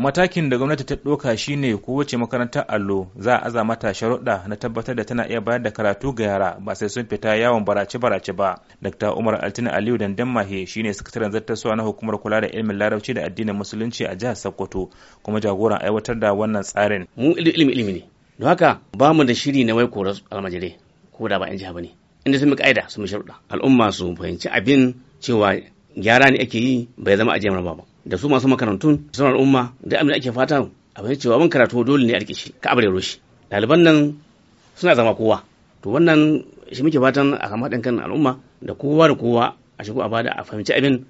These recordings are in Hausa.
matakin da gwamnati ta ɗoka shine kowace makarantar allo za a aza mata sharuɗa na tabbatar da tana iya bayar da karatu ga yara ba sai sun fita yawon barace-barace ba dr umar altina aliyu dandan mahe shine sakataren zartaswa na hukumar kula da ilimin larabci da addinin musulunci a jihar sokoto kuma jagoran aiwatar da wannan tsarin mu ilimi ilimi ne don haka ba mu da shiri na wai koras almajire ko da ba yan jiha bane inda sun aida sun sharuɗa al'umma su fahimci abin cewa gyara ne ake yi bai zama ajiyar ba da su masu makarantun sauran al'umma da abin ake fata a bayan cewa ban karatu dole ne a rike shi ka abare roshi ɗaliban nan suna zama kowa to wannan shi muke fatan a kama haɗin kan al'umma da kowa da kowa a shigo a bada a fahimci abin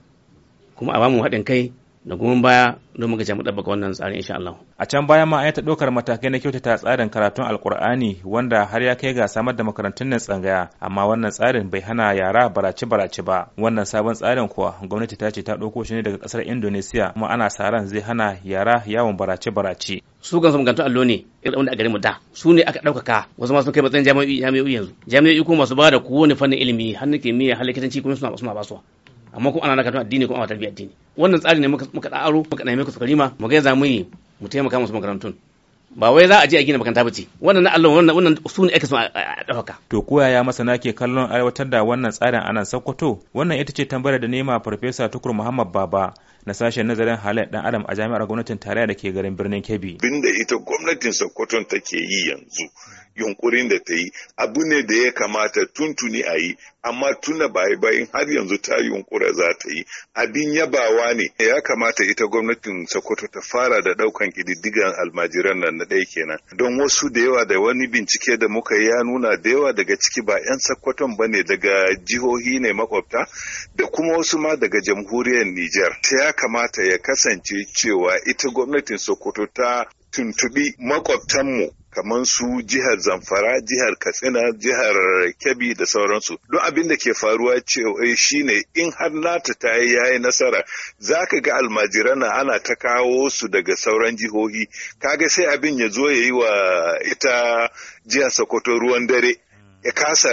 kuma a bamu haɗin kai da kuma baya muka ce mu ɗabbaka wannan tsarin insha Allah. A can baya ma an ta ɗaukar matakai na kyautata tsarin karatun Alƙur'ani wanda har ya kai ga samar da makarantun nan tsangaya amma wannan tsarin bai hana yara barace barace ba. Wannan sabon tsarin kuwa gwamnati ta ce ta ɗauko shi ne daga ƙasar Indonesia kuma ana sa ran zai hana yara yawon barace barace. Su kansu makarantun allo ne irin wanda a garin mu da su ne aka ɗaukaka wasu ma sun kai matsayin jami'o'i jami'o'i yanzu jami'o'i kuma masu ba da kowane fannin ilimi har kimiyya har likitanci kuma suna ba su amma kuma ana na karatun addini kuma ana tarbiyyar addini. wannan tsari ne muka ɗan aro muka ɗan muka karima mu gaya za mu yi mu taimaka musu makarantun ba wai za a je a gina makaranta ba ce wannan na Allah wannan wannan su ne ake so a dauka to ko ya masana ke kallon aiwatar da wannan tsarin anan Sokoto wannan ita ce tambayar da nema Farfesa Tukur Muhammad Baba na sashen nazarin halayen dan adam a jami'ar gwamnatin tarayya da ke garin birnin Kebbi da ita gwamnatin Sokoto take yi yanzu yunkurin da ta yi abu ne da ya kamata tuntuni a yi amma tuna baya bayan har yanzu ta yunkura za ta yi abin yabawa ne ya kamata ita gwamnatin Sokoto ta fara da daukan kididdigan almajiran nan na ɗaya kenan don wasu da yawa da wani bincike da muka yi ya nuna da yawa daga ciki ba 'yan sakkwaton ba ne daga jihohi ne makwabta da kuma wasu ma daga jamhuriyar Nijar. Ta ya kamata ya kasance cewa ita gwamnatin Sokoto ta tuntubi makwabtanmu kamar su jihar Zamfara, jihar Katsina, jihar Kebbi da sauransu. duk abin da ke faruwa cewa eh, shine in har nata ta yi yayi nasara, za ka ga almajirana ana ta kawo su daga sauran jihohi, kaga sai abin ya zo ya yi wa ita jihar Sokoto ruwan dare. ya kasa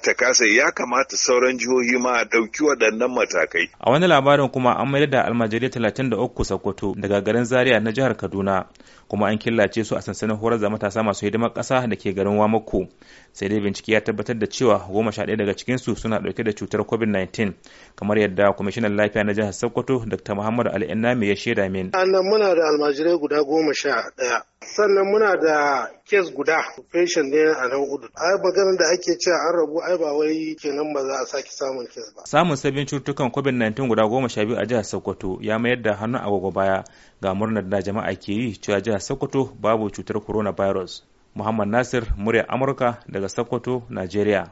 ta kasa ya kamata sauran jihohi ma a ɗauki waɗannan matakai. A wani labarin kuma an mayar da almajirai 33 Sokoto daga garin Zaria na jihar Kaduna kuma an killace su a sansanin horar da matasa masu hidimar ƙasa da ke garin Wamako. Sai dai bincike ya tabbatar da cewa goma sha ɗaya daga cikinsu suna ɗauke da cutar COVID-19 kamar yadda kwamishinan lafiya na jihar Sokoto Dr. Muhammadu Ali ya shaida min. Anan muna da almajirai guda goma sha ɗaya sannan muna da kes guda patient ne a nan udu ai maganar da ake cewa an rabu ai ba wai kenan ba za a sake samun kes ba samun sabbin cutukan covid-19 guda goma sha biyu a jihar sokoto ya mayar da hannun agogo baya ga murnar da jama'a ke yi cewa jihar sokoto babu cutar coronavirus muhammad nasir murya amurka daga sokoto nigeria